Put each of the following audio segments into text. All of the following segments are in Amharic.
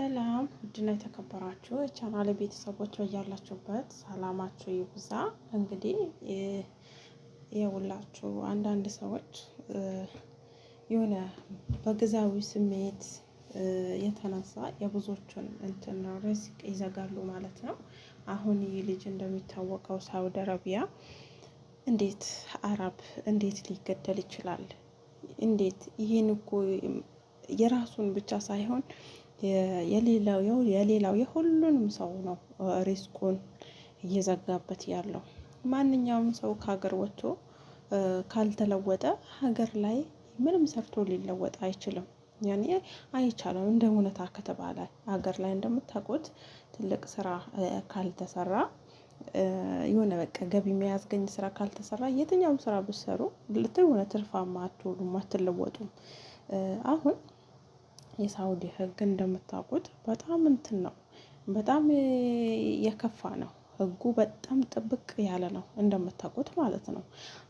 ሰላም ውድና የተከበራችሁ የቻናል ቤተሰቦች በያላችሁበት ሰላማችሁ ይብዛ። እንግዲህ የውላችሁ አንዳንድ ሰዎች የሆነ በግዛዊ ስሜት የተነሳ የብዙዎቹን እንትን ሪስክ ይዘጋሉ ማለት ነው። አሁን ይህ ልጅ እንደሚታወቀው ሳውዲ አረቢያ እንዴት አረብ እንዴት ሊገደል ይችላል? እንዴት ይህን እኮ የራሱን ብቻ ሳይሆን የሌላው ያው የሌላው የሁሉንም ሰው ነው ሪስኩን እየዘጋበት ያለው። ማንኛውም ሰው ከሀገር ወጥቶ ካልተለወጠ ሀገር ላይ ምንም ሰርቶ ሊለወጥ አይችልም። ያኔ አይቻልም። እንደ እውነታ ከተባለ ሀገር ላይ እንደምታውቁት ትልቅ ስራ ካልተሰራ የሆነ በቃ ገቢ የሚያስገኝ ስራ ካልተሰራ የትኛውም ስራ ብሰሩ ልትሆነ ትርፋማ አትሆኑም፣ አትለወጡም። አሁን የሳውዲ ህግ እንደምታውቁት በጣም እንትን ነው፣ በጣም የከፋ ነው ህጉ። በጣም ጥብቅ ያለ ነው እንደምታውቁት ማለት ነው።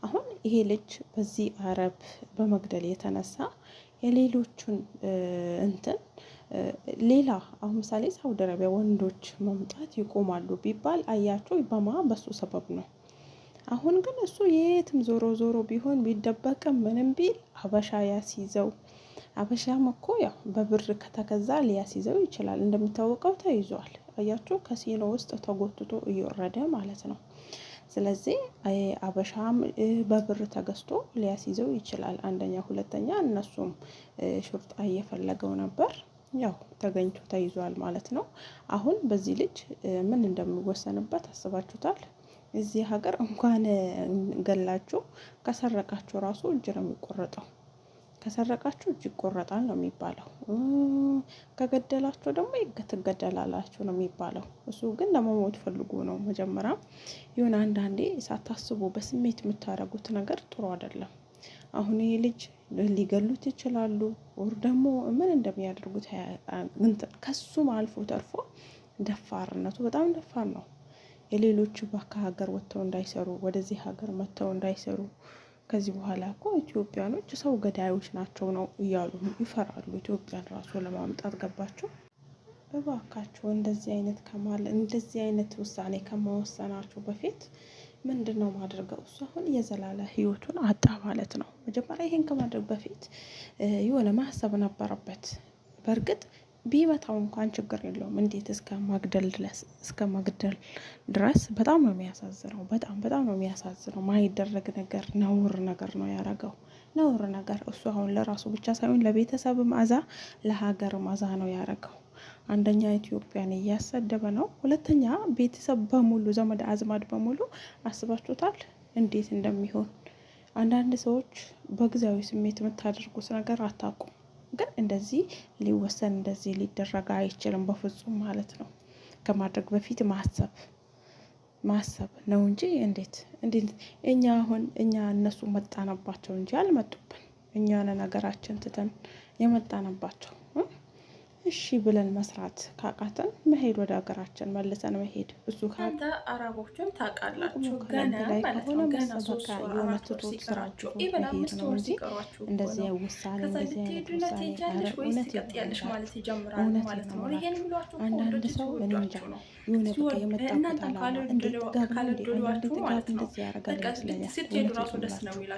አሁን ይሄ ልጅ በዚህ አረብ በመግደል የተነሳ የሌሎቹን እንትን ሌላ አሁን ምሳሌ ሳውዲ አረቢያ ወንዶች መምጣት ይቆማሉ ቢባል አያቸው በማ በሱ ሰበብ ነው። አሁን ግን እሱ የትም ዞሮ ዞሮ ቢሆን ቢደበቅም ምንም ቢል ሀበሻ ያስይዘው አበሻም እኮ ያው በብር ከተገዛ ሊያስይዘው ይችላል። እንደሚታወቀው ተይዟል። አያችሁ ከሲኖ ውስጥ ተጎትቶ እየወረደ ማለት ነው። ስለዚህ አበሻም በብር ተገዝቶ ሊያስይዘው ይችላል። አንደኛ፣ ሁለተኛ እነሱም ሹርጣ እየፈለገው ነበር። ያው ተገኝቶ ተይዟል ማለት ነው። አሁን በዚህ ልጅ ምን እንደሚወሰንበት አስባችሁታል? እዚህ ሀገር እንኳን ገላችሁ ከሰረቃችሁ ራሱ እጅ ነው የሚቆረጠው። ከሰረቃችሁ እጅ ይቆረጣል ነው የሚባለው። ከገደላችሁ ደግሞ ትገደላላችሁ ነው የሚባለው። እሱ ግን ለመሞት ፈልጎ ነው መጀመሪያ። ይሁን አንዳንዴ ሳታስቡ በስሜት የምታደርጉት ነገር ጥሩ አይደለም። አሁን ይህ ልጅ ሊገሉት ይችላሉ፣ ወር ደግሞ ምን እንደሚያደርጉት ከሱም አልፎ ተርፎ ደፋርነቱ በጣም ደፋር ነው። የሌሎቹ ከሀገር ወጥተው እንዳይሰሩ፣ ወደዚህ ሀገር መጥተው እንዳይሰሩ ከዚህ በኋላ እኮ ኢትዮጵያኖች ሰው ገዳዮች ናቸው ነው እያሉ ይፈራሉ። ኢትዮጵያን ራሱ ለማምጣት ገባቸው። እባካቸው እንደዚህ አይነት ከማለ እንደዚህ አይነት ውሳኔ ከመወሰናቸው በፊት ምንድን ነው ማድረገው? እሱ አሁን የዘላለ ህይወቱን አጣ ማለት ነው። መጀመሪያ ይሄን ከማድረግ በፊት የሆነ ማሰብ ነበረበት። በእርግጥ ቢመታው እንኳን ችግር የለውም። እንዴት እስከ ማግደል ድረስ እስከ ማግደል ድረስ በጣም ነው የሚያሳዝነው። በጣም በጣም ነው የሚያሳዝነው። ማይደረግ ነገር ነውር ነገር ነው ያረገው ነውር ነገር። እሱ አሁን ለራሱ ብቻ ሳይሆን ለቤተሰብ አዛ ለሀገር አዛ ነው ያረገው። አንደኛ ኢትዮጵያን እያሰደበ ነው፣ ሁለተኛ ቤተሰብ በሙሉ ዘመድ አዝማድ በሙሉ አስባችሁታል እንዴት እንደሚሆን። አንዳንድ ሰዎች በጊዜያዊ ስሜት የምታደርጉት ነገር አታውቁም። ግን እንደዚህ ሊወሰን እንደዚህ ሊደረግ አይችልም በፍጹም ማለት ነው። ከማድረግ በፊት ማሰብ ማሰብ ነው እንጂ እንዴት እንዴት እኛ አሁን እኛ እነሱ መጣነባቸው እንጂ አልመጡብን። እኛን ነገራችን ትተን የመጣነባቸው እሺ ብለን መስራት ካቃተን መሄድ ወደ ሀገራችን መልሰን መሄድ እሱ ካለ አረቦችን ታውቃላችሁ። ገና ማለት ነው ገና ሶስት ነው እንጂ ውሳኔ እንደዚህ ውሳኔ ያለሽ ማለት ይጀምራል ማለት ነው። ይሄን ብሏችሁ አንዳንድ ሰው እንጃ የሆነ በቃ የመጣበት አላማ እንደዚህ ያደርጋል ይመስለኛል።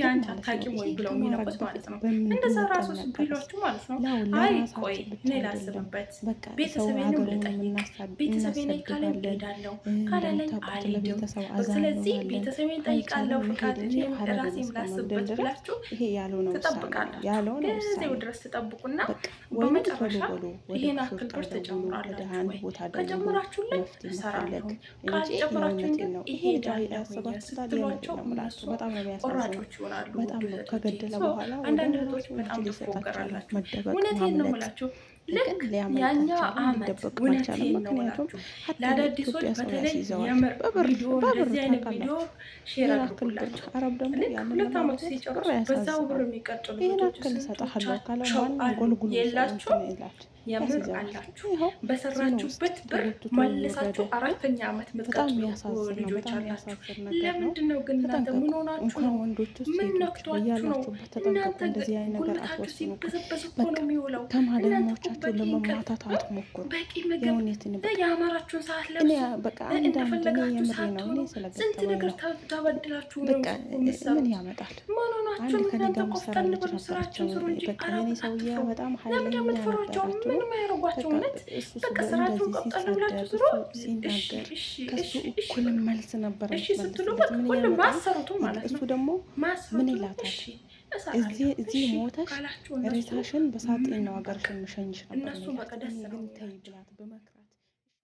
አንቺ አታውቂም ወይ ብለው የሚነቁት ማለት ነው። እንደዛ ራሱ ቢሏችሁ ማለት ነው። አይ ቆይ እኔ ላስብበት፣ ቤተሰቤንም ልጠይቅ፣ ቤተሰቤ ላይ ሄዳለው፣ እሄዳለሁ፣ ካላለኝ አልሄድም። ስለዚህ ቤተሰቤን ጠይቃለሁ፣ ፍቃድ ራሴም ላስብበት ብላችሁ ትጠብቃላችሁ። እዚያው ድረስ ትጠብቁና በመጨረሻ ይሄን አክል ብር ትጨምራላችሁ። ከጨምራችሁልን እሰራለሁ፣ ካልጨምራችሁ ይሄዳለሁ ስትሏቸው እነሱ ቆራጮች ይኖራሉ። ከገደለ በኋላ አንዳንድ እህቶች በጣም ትፎገራላችሁ። እውነቴን ነው የምላችሁ። ልክ ያኛ አመት እውነቴን ነው የምላችሁ። ለአዳዲሶች በተለይ የምር ቪዲዮ እንደዚህ አይነት ቪዲዮ ሼር አድርጉላቸው። ሁለት አመቱ ሲጨርሱ በዛው ብር የሚቀጥሉ ልጆች የምር አላችሁ በሰራችሁበት ብር መልሳችሁ አራተኛ ዓመት ምትቀጡ ልጆች አላችሁ። ለምንድን ነው ግን እናንተ ምን ሆናችሁ ምን ነክቷችሁ ነው? እናንተ ጉልበታችሁ ሲበዘበዝ ነው የሚውለው። ተማዳሞቻችሁ ለመማታት አትሞክሩ። በቂ ምግብ የአማራችሁን ሰዓት ለብሱ እንደፈለጋችሁ ሳትሆኑ ስንት ነገር ተበድላችሁ ነው ምን ያመጣል? ምን ሆናችሁ እናንተ ቆፍጠን ብሎ ስራችሁን ስሩ እንጂ አላቅታችሁ ለምንድን የምትፈሯቸው ምንም አያደርጓቸው። እውነት በቃ ስራቸው ቀጠሉ ብላችሁ ስሮ ከሱ እኩል መልስ ነበረ ስትሉ በቃ ማሰሩቱ ማለት ነው። እሱ ደግሞ ምን ይላታል? እዚህ ሞተሽ ሬሳሽን በሳጥን ነው ሀገርሽን የምሸኝሽ ነበር ግን ተይ ብላት በመክራ